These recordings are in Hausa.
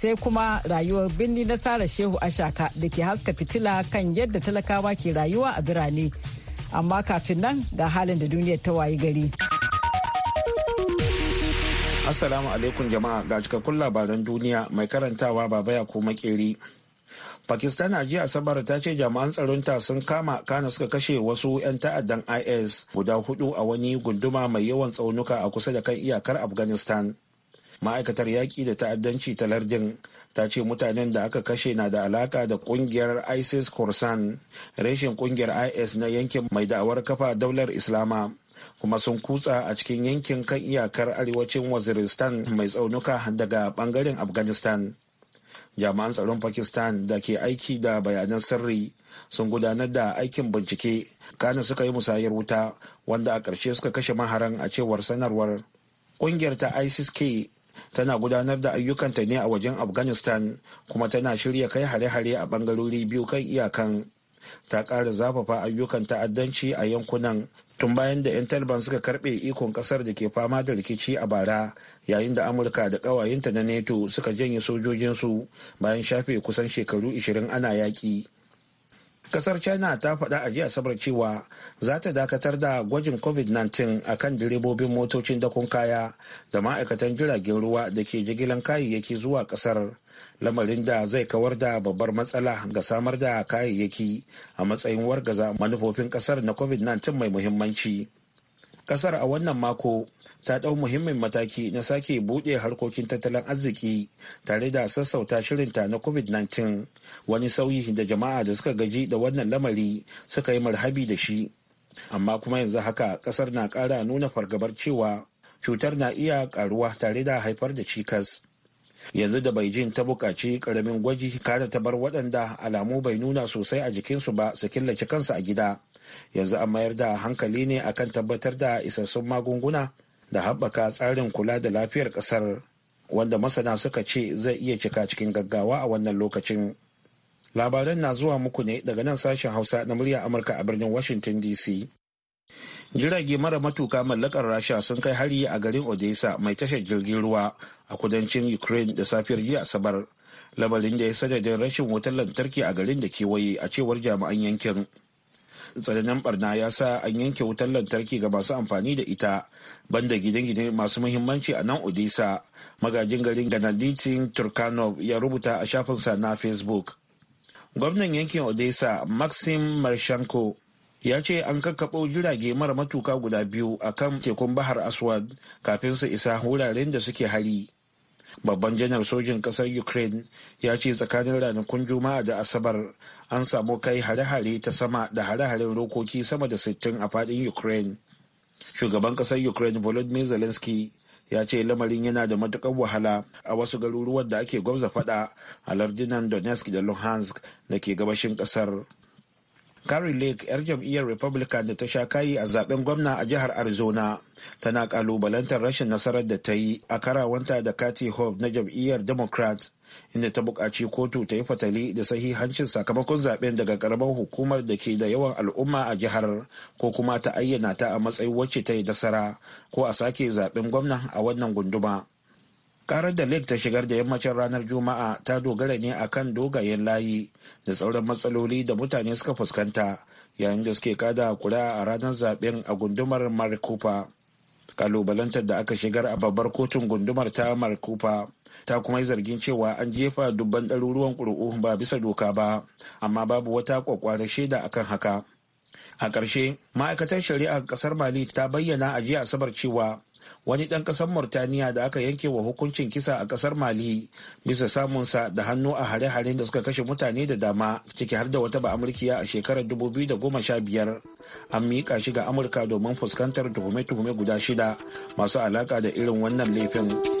sai kuma rayuwar birni na Sara Shehu Ashaka da ke haska fitila kan yadda talakawa ke rayuwa a birane. Amma kafin nan ga halin da duniyar ta wayi gari. Assalamu alaikum jama'a ga cikakkun labaran duniya mai karantawa baba ko makeri. Pakistan a jiya Asabar ta ce jami'an tsaronta sun kama kana suka kashe wasu 'yan ta'addan IS guda hudu a wani gunduma mai yawan tsaunuka a kusa da kan iyakar Afghanistan. ma'aikatar yaƙi da ta'addanci ta lardin ta ce mutanen da aka kashe na da alaka da kungiyar isis khorasan reshen kungiyar is na yankin mai da'awar kafa daular islama kuma sun kutsa a cikin yankin kan iyakar arewacin waziristan mai tsaunuka daga bangaren afghanistan jami'an tsaron pakistan da ke aiki da bayanan sirri sun gudanar da aikin bincike kana suka yi musayar wuta wanda a ƙarshe suka kashe maharan a cewar sanarwar ƙungiyar ta isis k tana gudanar da ayyukanta ne a wajen afghanistan kuma tana shirya kai hare-hare a bangarori biyu kan iyakan ta ƙara zafafa ayyukan ta'addanci a yankunan tun bayan da 'yan taliban suka karbe ikon ƙasar da ke fama da rikici a bara yayin da amurka da ƙawayenta na neto suka janye sojojinsu bayan shafe kusan shekaru 20 ana yaƙi kasar china ta faɗa a jiya sabar cewa za ta dakatar da gwajin covid-19 a kan direbobin motocin dakon kaya da ma'aikatan jiragen ruwa da ke jigilan kayayyaki zuwa kasar lamarin da zai kawar da babbar matsala ga samar da kayayyaki a matsayin wargaza manufofin kasar na covid-19 mai muhimmanci kasar a wannan mako ta ɗau muhimmin mataki na sake buɗe harkokin tattalin arziki tare da sassauta shirinta na covid-19 wani sauyi da jama'a da suka gaji da wannan lamari suka yi marhabi da shi amma kuma yanzu haka kasar na ƙara nuna fargabar cewa cutar na iya ƙaruwa tare da haifar da cikas yanzu da beijing ta bukaci karamin gwaji kada ta bar waɗanda alamu bai nuna sosai a jikinsu ba su killace kansu a gida yanzu an mayar da hankali ne akan tabbatar da isassun magunguna da haɓaka tsarin kula da lafiyar ƙasar wanda masana suka ce zai iya cika cikin gaggawa a wannan lokacin labaran na zuwa muku ne daga nan sashen hausa na murya amurka a birnin washington dc jirage mara matuka mallakar rasha sun kai hari a garin odessa mai tashar jirgin ruwa a kudancin ukraine da safiyar jiya asabar labarin da ya sadadin rashin wutar lantarki a garin da kewaye a cewar jami'an yankin tsananin barna ya sa an yanke wutar lantarki ga masu amfani da ita banda gine-gine masu muhimmanci a nan odisa magajin garin ganaditin turkanov ya rubuta a shafinsa na facebook gwamnan yankin odisa maxim marshanko ya ce an kakkaɓo jirage mara matuka guda biyu a kan tekun bahar aswad kafin su isa wuraren da suke hari babban janar sojin kasar ukraine ya ce tsakanin ranakun juma'a da asabar an samu kai hare-hare ta sama da hare-haren rokoki sama da 60 a fadin ukraine shugaban kasar ukraine volodymyr zelensky ya ce lamarin yana da matukar wahala a wasu garuruwan da ake gwamza faɗa a lardunan donetsk da luhansk da ke gabashin kasar Carrie Lake, 'yar jam'iyyar Republican da ta sha kayi a zaben gwamna a jihar Arizona, tana kalubalantar rashin nasarar da ta yi a karawanta da Kathy Hope na jam'iyyar Democrat, inda ta buƙaci kotu ta yi fatali da sahihancin sakamakon zaben daga karamar hukumar da ke da yawan al'umma a jihar ko kuma ta ayyana ta a matsayin wacce ta yi nasara ko a sake zaben gwamna a wannan gunduma. karar da lake ta shigar da yammacin ranar juma'a ta dogara ne a kan dogayen layi da sauran matsaloli da mutane suka fuskanta yayin da suke kada kura a ranar zaben a gundumar maricopa kalubalantar da aka shigar a babbar kotun gundumar ta markufa ta kuma yi zargin cewa an jefa dubban ɗaruruwan ƙuri'u ba bisa doka ba amma babu wata kwakwara shaida akan haka a ƙarshe ma'aikatar shari'a ƙasar mali ta bayyana a jiya asabar cewa wani ɗan ƙasar Murtaniya da aka yanke wa hukuncin kisa a ƙasar Mali bisa samunsa da hannu a hare-haren da suka kashe mutane da dama ciki har da wata ba'amurkiya a shekarar 2015 an miƙa shi ga Amurka domin fuskantar tuhume-tuhume guda shida masu alaƙa da irin wannan laifin.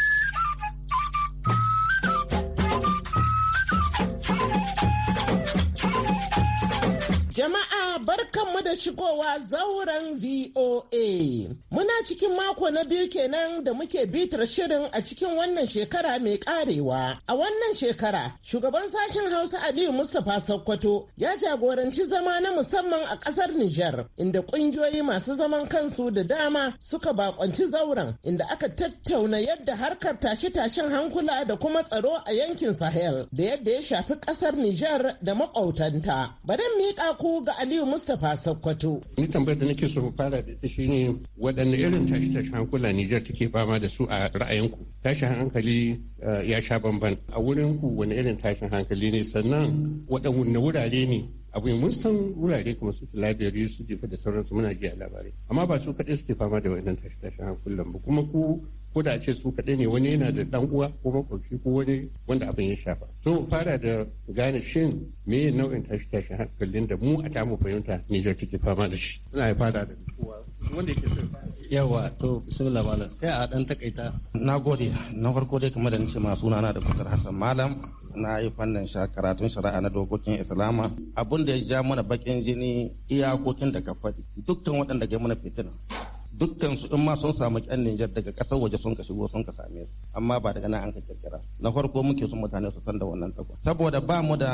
da shigowa zauren VOA. Muna cikin mako na biyu kenan da muke bitar shirin a cikin wannan shekara mai karewa. A wannan shekara, shugaban sashen Hausa Aliyu Mustapha Sokoto ya jagoranci zama na musamman a ƙasar Nijar, inda ƙungiyoyi masu zaman kansu da dama suka bakonci zauren, inda aka tattauna yadda harkar tashe-tashen hankula da kuma tsaro a yankin Sahel, da yadda ya shafi ƙasar Nijar da maƙautanta. Bari mika ku ga Aliyu Mustapha Sokoto. Sokoto. Ni tambayar da nake so mu fara da ita shine waɗanne irin tashi-tashi hankula Nijar take fama da su a ra'ayinku. Tashin hankali eh, ya sha bamban. A wurinku wani irin tashin hankali ne sannan waɗanne wurare ne abu mun san wurare kuma su labiri su jefa da sauransu muna ji a labarai amma ba su kaɗai suke fama da wannan tashi-tashin hankulan ba kuma ku ko da ce su kaɗai ne wani yana da ɗan uwa ko makwabci ko wani wanda abin ya shafa so fara da gane shin me nau'in tashi tashi hankalin da mu a tamu fahimta Nijar take fama da shi ina fara da kowa wanda yake so yawa to bismillah malam sai a dan takaita na gode na farko dai kamar da nace ma suna na da kutar hassan malam na yi fannin karatun shari'a na dokokin islama abin da ya ja mana bakin jini iyakokin da ka faɗi dukkan waɗanda ga mana fitina dukkan su in ma sun samu kyan Nijar daga kasar waje sun ka shigo sun ka same su amma ba daga nan an ka kirkira na farko muke sun mutane su san da wannan tsako saboda ba mu da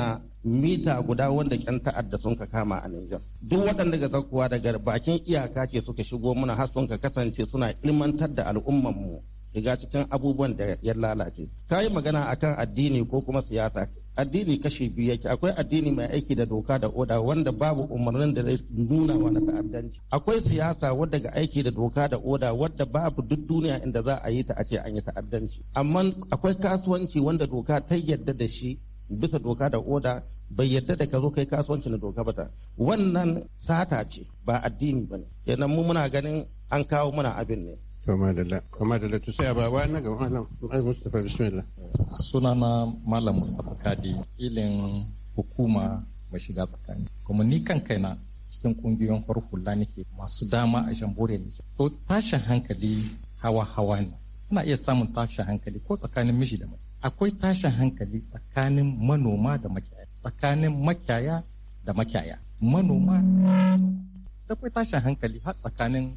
mita guda wanda kyan ta'adda sun ka kama a Nijar duk waɗanda ga zakuwa daga bakin iyaka ce suka shigo muna har sun ka kasance suna ilmantar da al'ummar mu shiga cikin abubuwan da ya lalace kayi magana akan addini ko kuma siyasa addini kashi biyu yake akwai addini mai aiki da doka da oda wanda babu umarnin da zai nuna wani ta'addanci akwai siyasa wadda ga aiki da doka da oda wadda babu duk duniya inda za a yi ta a ce an yi ta'addanci amma akwai kasuwanci wanda doka ta yadda da shi bisa doka da oda bai yadda da ka zo kai kasuwanci na doka ba ta. wannan sata ce ba addini ba ne kenan mu muna ganin an kawo mana abin ne Kama Sunana Malam Mustapha Kadi, ilin hukuma mai shiga tsakani. Kuma ni kan kaina cikin kungiyoyin hula nake masu dama a jamhuriyar ne. To tashin hankali hawa-hawa ne. Ana iya samun tashin hankali ko tsakanin miji da mai. Akwai tashin hankali tsakanin manoma da makiyaya, tsakanin makiyaya da makiyaya. Manoma da akwai tashin hankali har tsakanin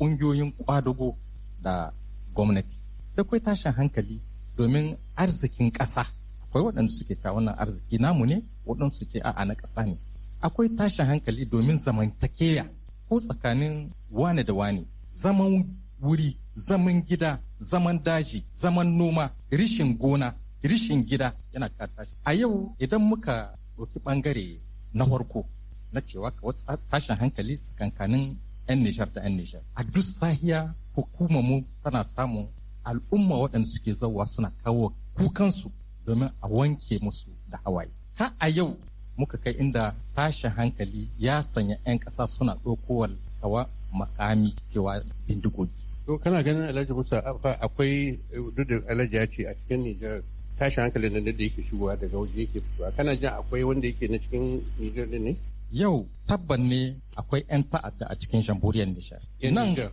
ƙungiyoyin ƙwadago da gwamnati da tashin hankali domin arzikin ƙasa akwai waɗanda suke cewa wannan arziki namu ne waɗansu ce a'a na ƙasa ne akwai tashin hankali domin zamantakeya ko tsakanin wane da wane zaman wuri zaman gida zaman daji zaman noma rishin gona rishin gida yana tashi a yau idan muka ɗauki ɓangare na farko na cewa ka tashin hankali tsakankanin 'yan nishar da 'yan nishar a duk sahiya hukumar mu tana samun al'umma waɗanda suke zauwa suna kawo kukansu domin a wanke musu da hawaye. ha a yau muka kai inda tashin hankali ya sanya 'yan ƙasa suna ɗaukowar kawa makami cewa bindigogi. To kana ganin Alhaji Musa akwai duk da Alhaji ya ce a cikin Nijar tashin hankali na da yake shigowa daga waje yake fitowa kana jin akwai wanda yake na cikin Nijar ne? yau tabban ne akwai 'yan ta'adda a cikin jamhuriyar Nishar.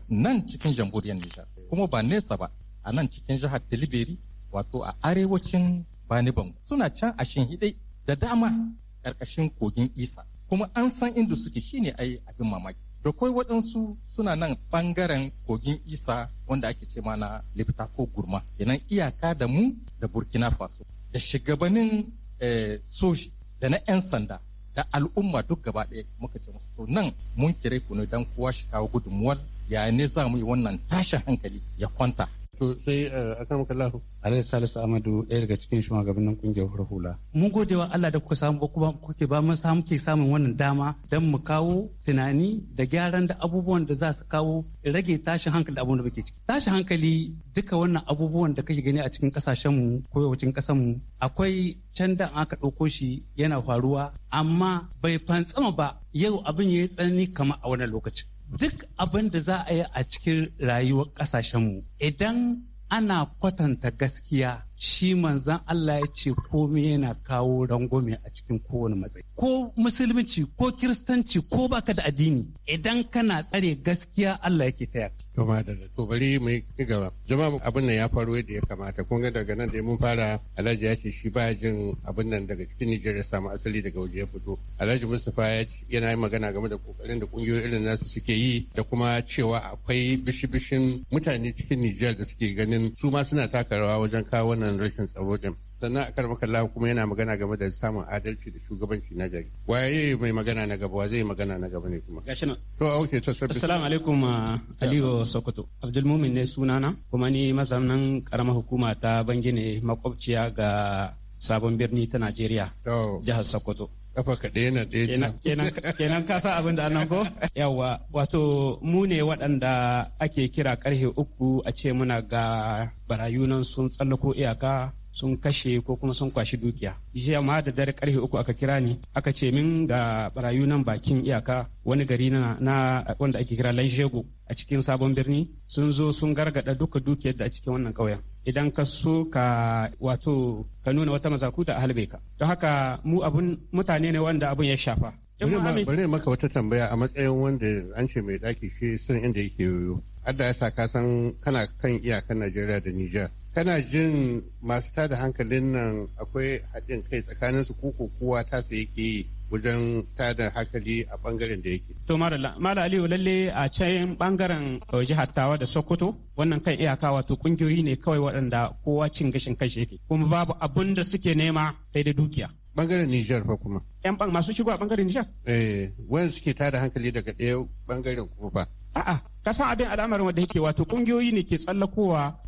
Nan cikin jamhuriyar Nishar. Kuma ba nesa ba, a nan cikin jihar Tilibiri, wato a arewacin Bani Bango. Suna can a hidai da dama ƙarƙashin kogin Isa. Kuma an san inda suke shine ai abin mamaki. Da kai waɗansu suna nan ɓangaren kogin Isa wanda ake ce mana lifta ko gurma. Kenan iyaka da mu da Burkina Faso. Da shugabannin eh, soji da na 'yan sanda da al'umma duk gaba ɗaya muka ce musu to nan mun kire ku dan kowa shi kawo gudunmuwar ya ne za mu yi wannan tashin hankali ya kwanta To sai eh, a kan kallahu. Alayhi Salisu Amadu ɗaya daga cikin shugabannin kungiyar hula. Mun gode wa Allah da kuka samu ba kuma kuke ba mun samu ke samun wannan dama don mu kawo tunani da gyaran da abubuwan da za su kawo rage tashin hankali abun da muke ciki. Tashin hankali duka wannan abubuwan da kake gani a cikin ƙasashenmu ko yawancin mu akwai can da aka ɗauko shi yana faruwa amma bai fantsama ba yau abin ya yi tsanani kamar a wannan lokacin. duk abin da za a yi a cikin rayuwar ƙasashenmu idan ana kwatanta gaskiya shi manzan Allah ya ce komai yana kawo rangwame a cikin kowane matsayi. Ko musulunci ko kiristanci ko baka da addini idan kana tsare gaskiya Allah yake taya. Toma da to bari mu yi gaba. Jama'a abin nan ya faru yadda ya kamata. Kun daga nan da mun fara Alhaji ya ce shi ba jin abin nan daga cikin Nijar ya samu asali daga waje ya fito. Alhaji Mustapha ya yana yi magana game da kokarin da kungiyoyi irin nasu suke yi da kuma cewa akwai bishi-bishin mutane cikin Nijar da suke ganin su ma suna taka rawa wajen kawo wannan wannan rashin tsaro din sannan a karmakalla kuma yana magana game da samun adalci da shugabanci na gari waye mai magana na gaba wa zai magana na gaba ne kuma gashi nan to a wuce tasar assalamu alaikum uh, aliyu sokoto abdul mumin ne sunana kuma ni mazaunan karamar hukuma ta bangine makwabciya ga sabon birni ta najeriya jihar sokoto kafa ka ɗaya nan kenan ka sa abin da ko yawa wato mu ne waɗanda ake kira karhe uku a ce muna ga barayunan sun tsallako iyaka sun kashe ko kuma sun kwashi dukiya jiya ma da dare karfe uku aka kira ni aka ce min ga barayunan bakin iyaka wani gari na, na wanda ake kira lanshego a cikin sabon birni sun zo sun gargada duka dukiyar da a cikin wannan ƙauyen idan ka so ka wato ka nuna wata mazakuta a halbe ka don haka mu abun mutane ne wanda abun ya shafa bari maka wata tambaya a matsayin wanda an ce mai daki shi san inda yake yoyo adda ya sa ka san kana kan iyakan najeriya da nijar kana jin masu tada hankalin nan akwai haɗin kai tsakanin su ko kowa ta yake yi wajen tada hankali a bangaren da yake. To Mala Aliyu lalle a can bangaren uh, jihar Tawa da Sokoto wannan kan iyaka wato kungiyoyi ne kawai waɗanda kowa cin gashin kashe yake kuma babu abun da suke nema sai da dukiya. Bangaren Nijar fa kuma. Yan masu shigo a bangaren Nijar? Eh, wanda suke tada hankali daga ɗaya bangaren kuma fa. a'a ka san abin al'amarin wanda yake wato kungiyoyi ne ke tsallakowa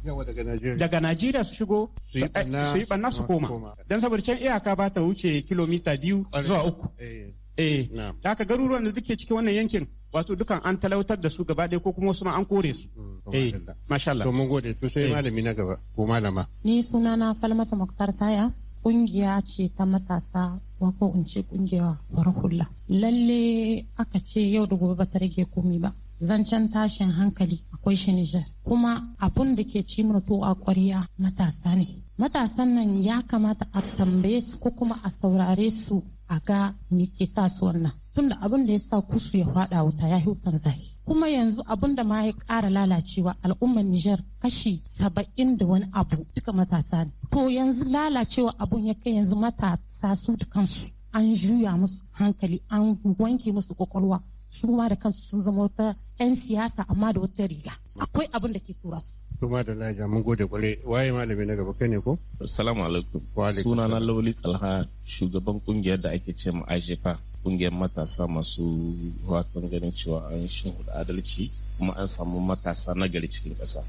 daga Najeriya su shigo su yi banna su koma don saboda can iyaka ba ta wuce kilomita biyu zuwa uku eh, eh. da aka garuruwan da duke cikin wannan yankin wato dukan an talautar da su gaba ɗaya ko kuma wasu ma an kore su mm, eh masha Allah to mun gode to sai eh. malami na gaba ko malama ni na Falmata Muktar Taya kungiya ce ta matasa ko in ce kungiya farkulla lalle aka ce yau da gobe ba ta rage komai ba zancen tashin hankali akwai shi Nijar. Kuma abun da ke ci to a kwariya matasa ne. Matasan nan ya kamata a tambaye su ko kuma a saurare su a ga ni ke sa su wannan. Tunda abun da ya sa kusu ya faɗa wuta ya yi hutan zahi. Kuma yanzu abun da ma ya ƙara lalacewa al'ummar Nijar kashi saba'in da wani abu duka matasa ne. To yanzu lalacewa abun ya kai yanzu matasa su da kansu. An juya musu hankali an wanke musu kwakwalwa su ma da kansu sun zama wata 'yan siyasa amma da wata riga akwai abin da ke tura su kuma da laja mun gode kwarai waye malami na gaba kai ne ko assalamu alaikum suna na lauli tsalha shugaban kungiyar da ake ce ajefa kungiyar matasa masu watan ganin cewa an shin adalci kuma an samu matasa nagari cikin ƙasa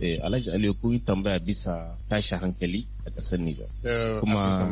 Eh, Alhaji Aliyu tambaya bisa tashi hankali a kasar Nijar. Kuma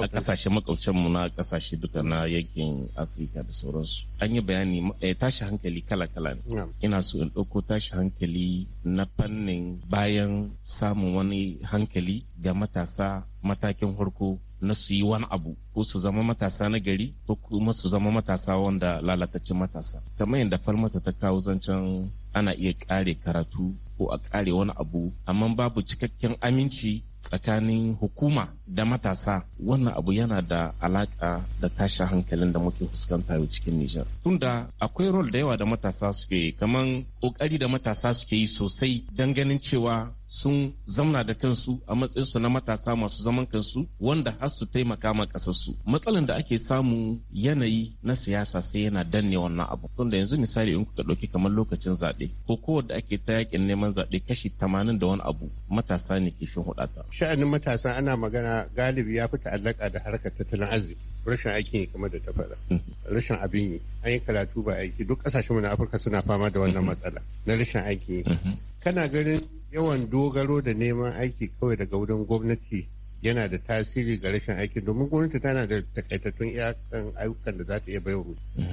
a kasashe makwabcin mu na kasashe duka na yankin Afirka da sauransu. An yi bayani eh, tashi hankali kala-kala ne. Ina so in ɗauko tashi hankali na fannin bayan samun wani hankali ga matasa matakin farko na su yi wani abu ko su zama matasa na gari ko kuma su zama matasa wanda lalataccen matasa kamar yadda farmata ta kawo zancen ana iya kare karatu ko a kare wani abu amma babu cikakken aminci tsakanin hukuma da matasa wannan abu yana da alaƙa da tashin hankalin da muke fuskanta a cikin Nijar. Tunda akwai rol da yawa da matasa suke kamar kokari da matasa suke yi sosai don ganin cewa sun zamna da kansu a matsayinsu na matasa masu zaman kansu wanda har su taimaka ma kasarsu matsalan da ake samu yanayi na siyasa sai yana danne wannan abu tunda yanzu misali in kuka ɗauki kamar lokacin zaɓe ko kowanne ake ta yakin neman zaɓe kashi tamanin da wani abu matasa ne ke shin hudata sha'anin matasa ana magana galibi ya fi ta'allaka da harkar tattalin arziki rashin aikin yi kamar da ta faɗa mm. rashin abin yi an yi karatu ba aiki duk ƙasashen mu na afirka suna fama da wannan mm-hmm. matsala na rashin aiki mm-hmm. kana ganin Yawan dogaro da neman aiki kawai daga wurin gwamnati yana da tasiri ga rashin aiki domin gwamnati tana da takaitattun iyakan ayyukan da za ta iya baiwa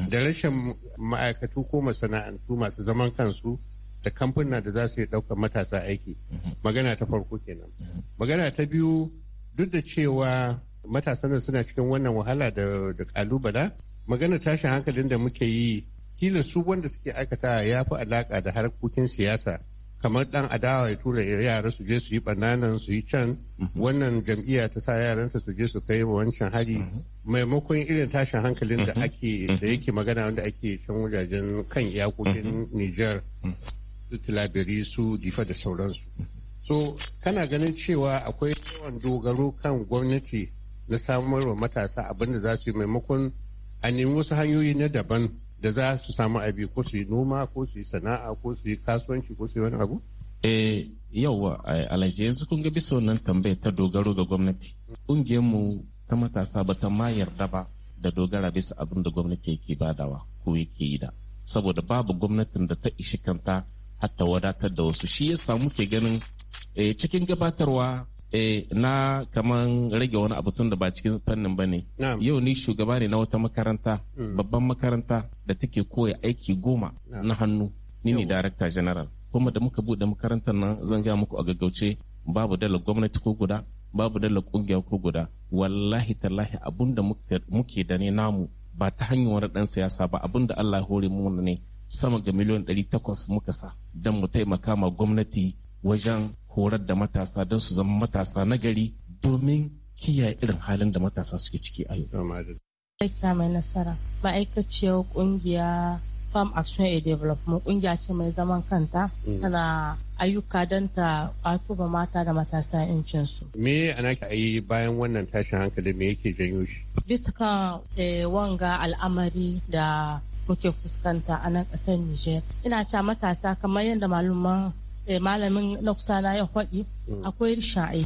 da rashin ma'aikatu ko masana'antu masu zaman kansu da kamfuna da za su iya ɗaukar matasa aiki magana ta farko kenan magana ta biyu duk da cewa matasan suna cikin wannan wahala da kalubala magana tashin hankalin da muke yi kila su wanda suke aikata ya fi alaka da harkokin siyasa kamar dan adawa ya tura yara su je su yi bananan su yi can mhm. wannan jam'iyya ta sa yaranta su je su kai wa wancan hari mhm. maimakon irin tashin hankalin da mhm. ake da yake magana wanda ake can wajajen kan iyakokin Niger. su tilabiri su difa da sauransu so kana ganin cewa akwai yawan dogaro kan gwamnati na samarwa matasa abinda za su yi maimakon a nemi wasu hanyoyi na daban da za su samu abi ko su yi noma ko su yi sana'a ko su yi kasuwanci ko su yi wani abu? Eh yauwa eh, alhaji yanzu kun ga bisa wannan tambayar ta dogaro ga gwamnati. mu ta matasa ba ta ma yarda ba da dogara bisa abin da gwamnati yake badawa ko yake yi da. Saboda babu gwamnatin da ta ishi kanta hatta wadatar da wasu shi ya samu ke ganin eh, cikin gabatarwa eh, na kaman rage wani abu tun da ba cikin fannin ba ne. Yau ni shugaba ne na wata makaranta, hmm. babban makaranta da take koya aiki goma na hannu, ni ne Director General. Kuma da muka buɗe makarantar nan zan ga muku a gaggauce babu dala gwamnati ko guda, babu dala ƙungiya ko guda. Wallahi tallahi abun da muke da ne namu ba ta hanyar wani ɗan siyasa ba abun da Allah hore mu ne sama ga miliyan ɗari takwas muka sa don mu taimaka ma gwamnati wajen horar da matasa don su zama matasa nagari domin kiyaye irin halin da matasa suke ciki a yau. Aika mai nasara ma'aikaciyar kungiya Farm Action and Development kungiya ce mai zaman kanta mm. tana ayyuka don ta kwato ba mata da matasa yancinsu. Me ana ka yi bayan wannan tashin hankali me yake janyo shi? Bisa kan eh, wanga al'amari da muke fuskanta a nan ƙasar Nijar. Ina ca matasa kamar yadda malaman Eh, malamin na kusa na ya faɗi mm. akwai sha'ai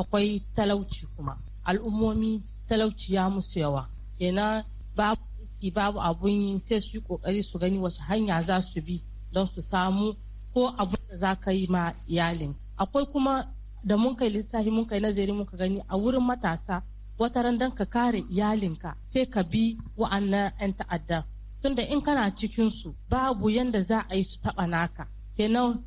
akwai talauci kuma al'ummomi talauci ya musu yawa ina babu abun yi sai su yi kokari su gani wace hanya za su bi don su samu ko abun da za ka yi ma iyalin akwai kuma da mun kai lissafi mun kai nazari muka gani a wurin matasa wata ran don ka kare iyalinka sai ka bi wa'annan 'yan ta'adda tunda in kana cikin su babu yanda za a yi su taɓa naka kenan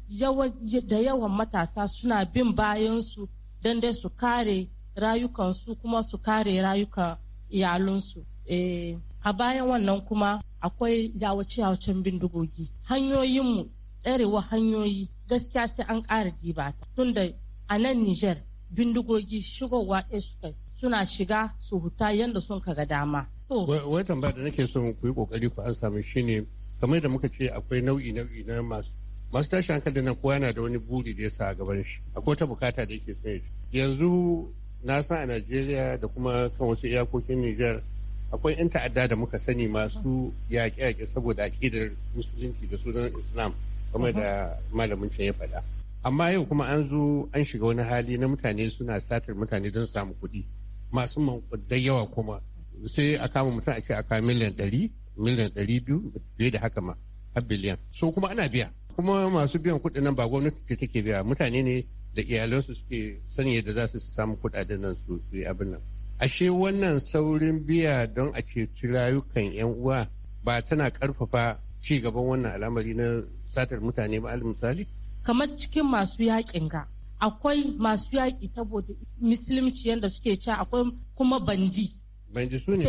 da yawan matasa suna bin bayansu don dai su kare rayukansu kuma su kare rayukan iyalinsu eh, a bayan wannan kuma akwai yawace-yawacen bindigogi hanyoyinmu ɗarewa hanyoyi gaskiya sai an ƙara tun tunda a nan niger bindigogi shigowa suka suna shiga su huta yadda sun ga dama. Wai tambaya da nake son ku yi kokari ku an samu shine kamar da muka ce akwai nau'i nau'i na masu masu tashi hankali nan kowa yana da wani buri da ya sa a gaban shi akwai ta bukata da yake tsaye yanzu na san a najeriya da kuma kan wasu iyakokin niger akwai 'yan ta'adda da muka sani masu yaƙe-yaƙe saboda aƙidar musulunci da sunan islam kuma da malamin can ya faɗa amma yau kuma an zo an shiga wani hali na mutane suna satar mutane don samu kuɗi masu mankudai yawa kuma sai a kama mutum a ce a kama miliyan ɗari miliyan ɗari biyu fiye da haka ma har biliyan so kuma ana biya kuma masu biyan kuɗi nan ba gwamnati ce take biya mutane ne da iyalansu suke sani yadda za su samu kuɗaɗen nan su yi abin nan ashe wannan saurin biya don a ceci rayukan yan uwa ba tana karfafa ci gaban wannan al'amari na satar mutane ba misali kamar cikin masu yakin ga akwai masu yaƙi saboda musulunci yadda suke ci akwai kuma bandi bandi su ne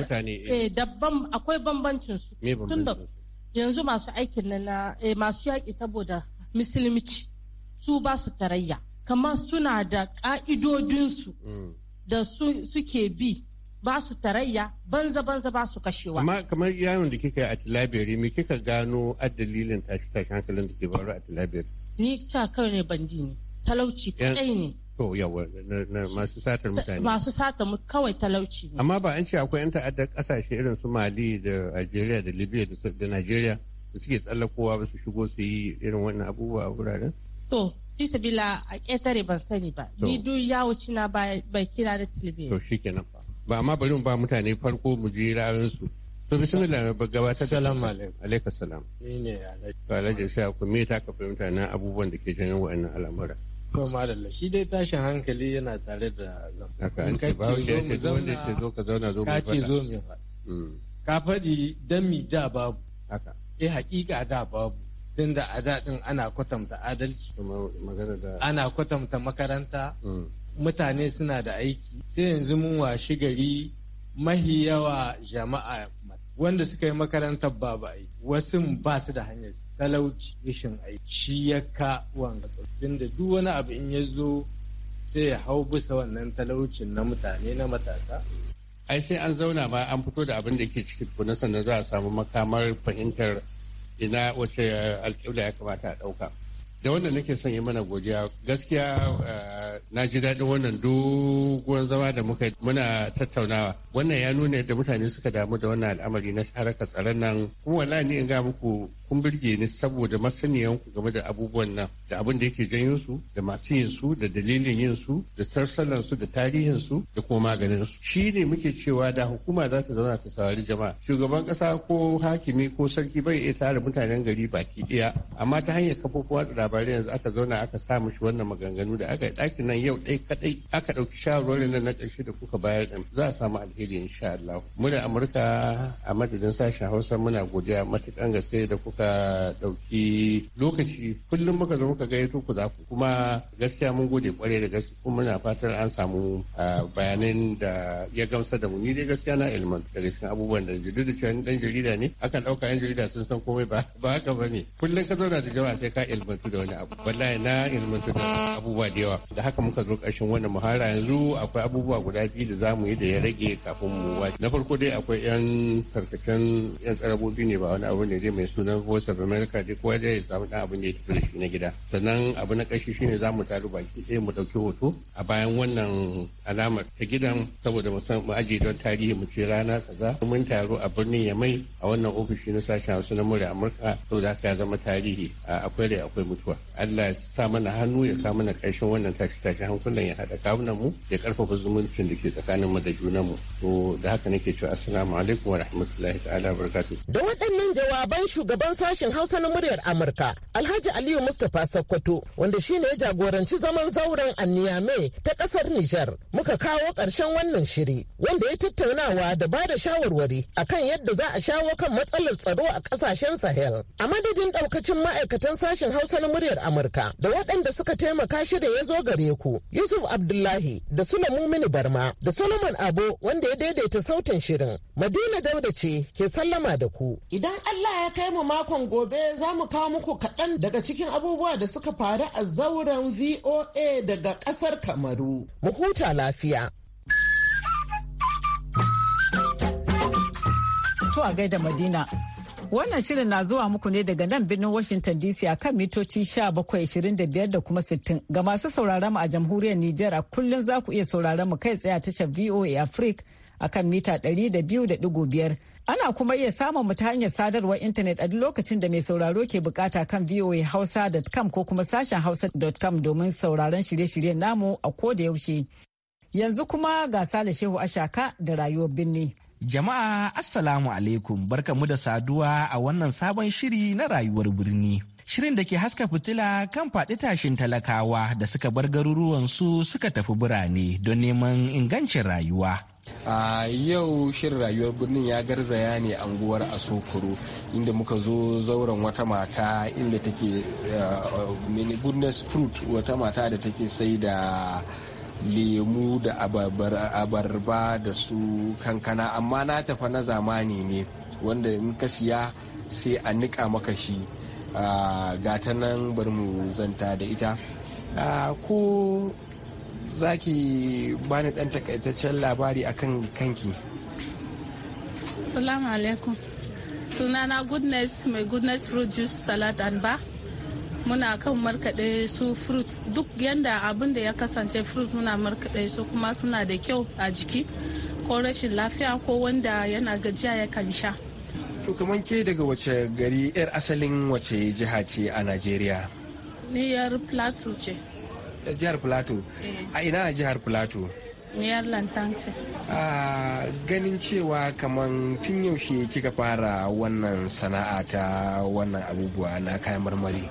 mutane eh. eh dabban akwai bambancin su tunda yanzu masu aikin nan na eh, masu yaki saboda musulmici su ba su tarayya kamar suna da ƙa'idodinsu mm. da suke bi ba su tarayya banza banza ba su kashewa. Amma kamar yawon da kika a Tilaberi me kika gano a dalilin tashi tashi hankalin da ke faru a Tilaberi? Ni ta kawai ne bandi ne talauci kadai ne. To oh, yawa masu satar mutane. Masu satar kawai talauci. Amma ba an ce akwai 'yan ta'addar kasashe irin su Mali da Algeria da Libya da Nigeria da suke tsallakowa ba su shigo su yi irin wannan abubuwa a wuraren? To, fi sabila a ƙetare ban sani ba. Ni ya yawo cina bai kira da Tilbiya. To shi kenan. Ba amma bari mu ba mutane farko mu je su. To bismillah ba gabatar da salamu alaikum. Alaikum salam. Ni ne alaikum. Alaikum sai ku me ta kafa mutane abubuwan da ke janyo wa'annan al'amura. to malalla shi dai tashin hankali yana tare da ka ce zo mu zauna mm. ka faɗi dan mi da babu eh hakika da babu tun da a daɗin ana kwatanta adalci ana kwatanta makaranta mm. mutane suna da aiki sai yanzu mun washi gari mahi yawa jama'a wanda suka yi makarantar babu aiki wasu ba su da hanyar talauci rashin aiki shi ya ka wanga tsoffin da duk wani abu in ya zo sai ya hau bisa wannan talaucin na mutane na matasa ai sai an zauna ma an fito da abin da ke ciki tukuna sannan za a samu makamar fahimtar ina wace eh, alƙibla ya kamata a ɗauka da wannan nake son yi mana godiya gaskiya eh, na ji daɗin wannan doguwar zama da muka muna tattaunawa wannan ya nuna yadda mutane suka damu da wannan al'amari na harkar tsaron nan kuma wallahi ni in ga muku kun birge ni saboda masaniyan ku game da abubuwan nan da abin da yake janyo su da masu yin su da dalilin yin su da sarsalan su da tarihin su da kuma maganin su shi ne muke cewa da hukuma za ta zauna ta saurari jama'a shugaban kasa ko hakimi ko sarki bai iya tare mutanen gari baki daya amma ta hanyar kafofin watsa labarai yanzu aka zauna aka sa mushi wannan maganganu da aka ɗakin nan yau ɗaya kaɗai aka ɗauki shawarwarin nan na karshe da kuka bayar din za a samu alheri insha Allah. da Amurka a madadin sashen Hausa muna godiya matukan gaske da kuka kuka ɗauki lokaci kullum muka zo muka gayyato ku za ku kuma gaskiya mun gode kwarai da gaskiya kuma muna fatar an samu bayanan da ya gamsa da mu ni dai gaskiya na ilman daga cikin abubuwan da jiddu da cewa dan jarida ne akan ɗauka yan jarida sun san komai ba ba haka ba ne kullum ka zauna da jama'a sai ka ilmantu da wani abu wallahi na ilmantu da abubuwa da yawa da haka muka zo ƙarshen wannan muhara yanzu akwai abubuwa guda biyu da zamu yi da ya rage kafin mu wace na farko dai akwai yan karkashin yan tsarabobi ne ba wani abu ne dai mai sunan ko south america duk wanda ya samu dan abin da ya tafi da shi na gida sannan abu na ƙarshe shine za mu taru baki ɗaya mu ɗauki hoto a bayan wannan alamar ta gidan saboda mu san mu don tarihi mu ce rana kaza mun taru a birnin ya mai a wannan ofishi na sashen hausa na murya amurka saboda haka ya zama tarihi akwai rai akwai mutuwa allah ya sa mana hannu ya sa mana ƙarshen wannan tashi tashi hankulan ya haɗa kawunan mu ya karfafa zumuncin da ke tsakanin mu da junan mu to da haka nake cewa assalamu alaikum wa rahmatullahi ta'ala wa barakatuh da waɗannan jawaban shugaban shugaban sashen Hausa na muryar Amurka, Alhaji Aliyu Mustapha Sokoto, wanda shine ya jagoranci zaman zauren Anniyame ta kasar Nijar. Muka kawo ƙarshen wannan shiri, wanda ya tattaunawa da ba da shawarwari akan yadda za a shawo kan matsalar tsaro a ƙasashen Sahel. A madadin ɗaukacin ma'aikatan sashen Hausa na muryar Amurka da waɗanda suka taimaka shi da ya zo gare ku, Yusuf Abdullahi da Sulaimu Mini Barma da Solomon Abo wanda ya daidaita sautin shirin. Madina Dauda ce ke sallama da ku. Idan Allah ya kai mu ma makon gobe za mu kawo muku kaɗan daga cikin abubuwa da suka faru a zauren VOA daga ƙasar Kamaru. Mu huta lafiya. To a gaida Madina. Wannan shirin na zuwa muku ne daga nan birnin Washington DC a kan mitoci 1725 da kuma 60. Ga masu sauraron mu a jamhuriyar Nijar a kullum za ku iya sauraron mu kai tsaye a tashar VOA Africa a kan mita 200.5. Ana kuma iya samun mu ta hanyar sadarwar intanet a duk lokacin da mai sauraro ke bukata kan voahausa.com ko kuma sashen hausa.com domin sauraron shirye-shiryen namu a ko da yaushe. Yanzu kuma ga Sale Shehu Ashaka da rayuwar birni. Jama'a Assalamu alaikum barkamu da saduwa a wannan sabon shiri na rayuwar birni. Shirin da ke haska fitila kan faɗi tashin talakawa da suka bar garuruwansu suka tafi birane don neman ingancin rayuwa. a yau shirin rayuwar birnin ya garzaya ne a unguwar asokoro inda muka zo zauren wata mata inda take mini eh, eh, goodness fruit wata mata da take sai da lemu da abarba da su kankana amma na tafa na zamani ne wanda in ka siya sai a niƙa maka shi ah, gata nan bari mu zanta da ita ah, ko za ki bani ɗan takaitaccen labari akan kanki salamu alaikum sunana goodness mai goodness fruit juice salad and bar muna kan markaɗe su fruit duk yadda abin da ya kasance fruit muna markaɗe su kuma suna da kyau a jiki ko rashin lafiya ko wanda yana gajiya ya kan sha to ke daga wace gari yar asalin wace jiha ce a najeriya ni yar plateau ce jihar plateau a ina a jihar plateau Niyar lantan ce. A ganin cewa kaman tun yaushe kika fara wannan sana'a ta wannan abubuwa na kayan marmari.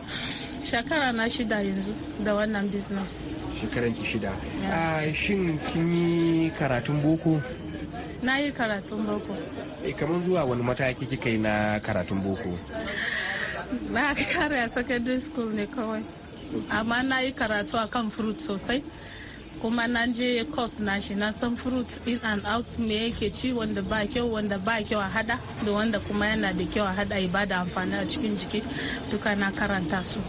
Shekara na shida yanzu da wannan business. Shekaran ki shida. A shin kin yi karatun boko? Na yi karatun boko. E, kaman zuwa wani mataki kika yi na karatun boko? Na kare a secondary school ne kawai. amma na yi karatu a kan fruit sosai kuma na je course na shi na san fruit in and out me yake ci wanda ba kyau wanda ba kyau a hada da wanda kuma yana da kyau a hada ibada amfani a cikin jiki duka na karanta su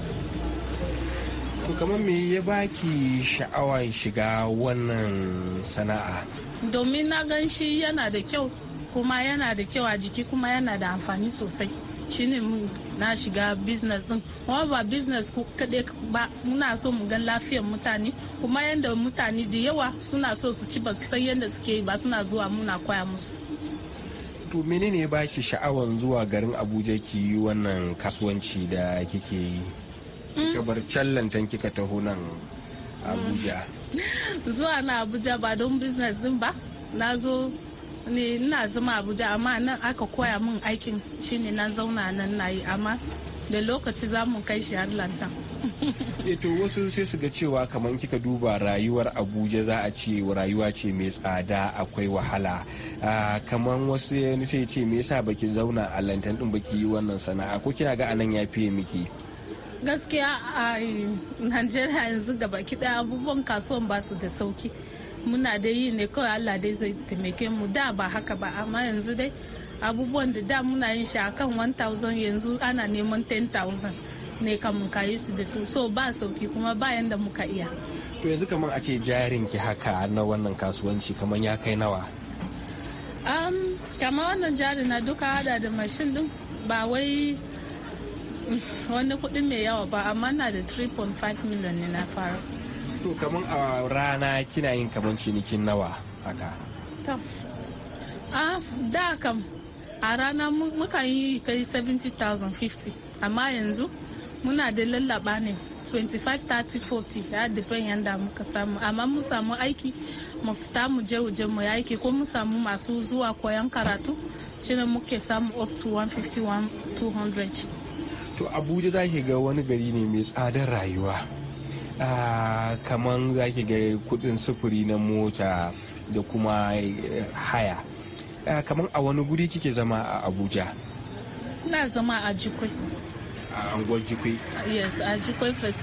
kamar me ya baki sha'awar shiga wannan sana'a domin na gan shi yana da kyau kuma yana da kyau a jiki kuma yana da amfani sosai shine mun na shiga business din kuma ba business kaɗai ba muna so mu ga lafiyar mutane kuma yadda mutane da yawa suna so su ci ba su san yadda suke yi ba suna zuwa muna koya musu to menene ya baki sha'awar zuwa garin abuja ki yi wannan kasuwanci da kike yi kika bar can kika taho nan abuja zuwa na abuja ba don business din ba na zo ne ina zama abuja amma nan aka koya min aikin shine na zauna nan na yi amma da lokaci za mu kai shi har lantan eh to wasu sai su ga cewa kamar kika duba rayuwar abuja za a ce rayuwa ce mai tsada akwai wahala ah, kamar wasu sai ce me yasa baki zauna a lantan din baki yi wannan sana'a ko kina ga anan ya fiye miki gaskiya a najeriya yanzu gaba kiɗa abubuwan kasuwan ba su da sauki muna da yi ne kawai allah dai zai taimake mu da ba haka ba amma yanzu dai abubuwan da da muna yin shi akan 1000 yanzu ana neman 10000 ne mun ka yi su da su so ba sauki kuma ba yanda muka iya to yanzu kamar a ce jarin ki haka na wannan kasuwanci kamar ya kai nawa um, kamar wannan jarin na duka hada da mashin din ba wai mm, wani kuɗi mai yawa ba amma na da 3.5 million ne na fara to kamar a rana kina yin kamar cinikin nawa haka a da kam a rana muka yi kai 70,050 amma yanzu muna da lallaba ne 25-30-40 ya dafa yadda muka samu amma mu samu aiki mu fita mu je wuje mu aiki ko mu samu masu zuwa koyon karatu shine muke samu up to 150-200 to abuja zaki ga wani gari ne mai tsadar rayuwa kaman za ki ga kudin sufuri na mota da kuma eh, haya kaman a wani guri kike zama a abuja na zama a jikwai a anguwar jikwai yes a jikwai first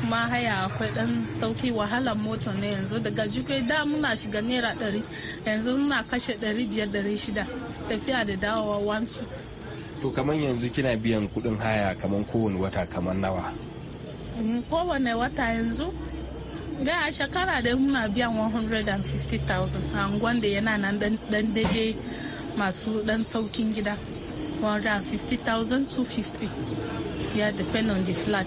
kuma haya akwai dan sauki wahalar mota ne yanzu daga jikwai da muna shiga naira ɗari yanzu muna kashe ɗari biyar ɗari shida tafiya da dawowa wansu to kamar yanzu kina biyan kuɗin haya kamar kowane wata kamar nawa Mm, kowane wata yanzu ga a shekara da muna biyan 150,000 a unguwan da yana nan dan daidai masu dan saukin gida 150,000 250 ya yeah, depend on the flat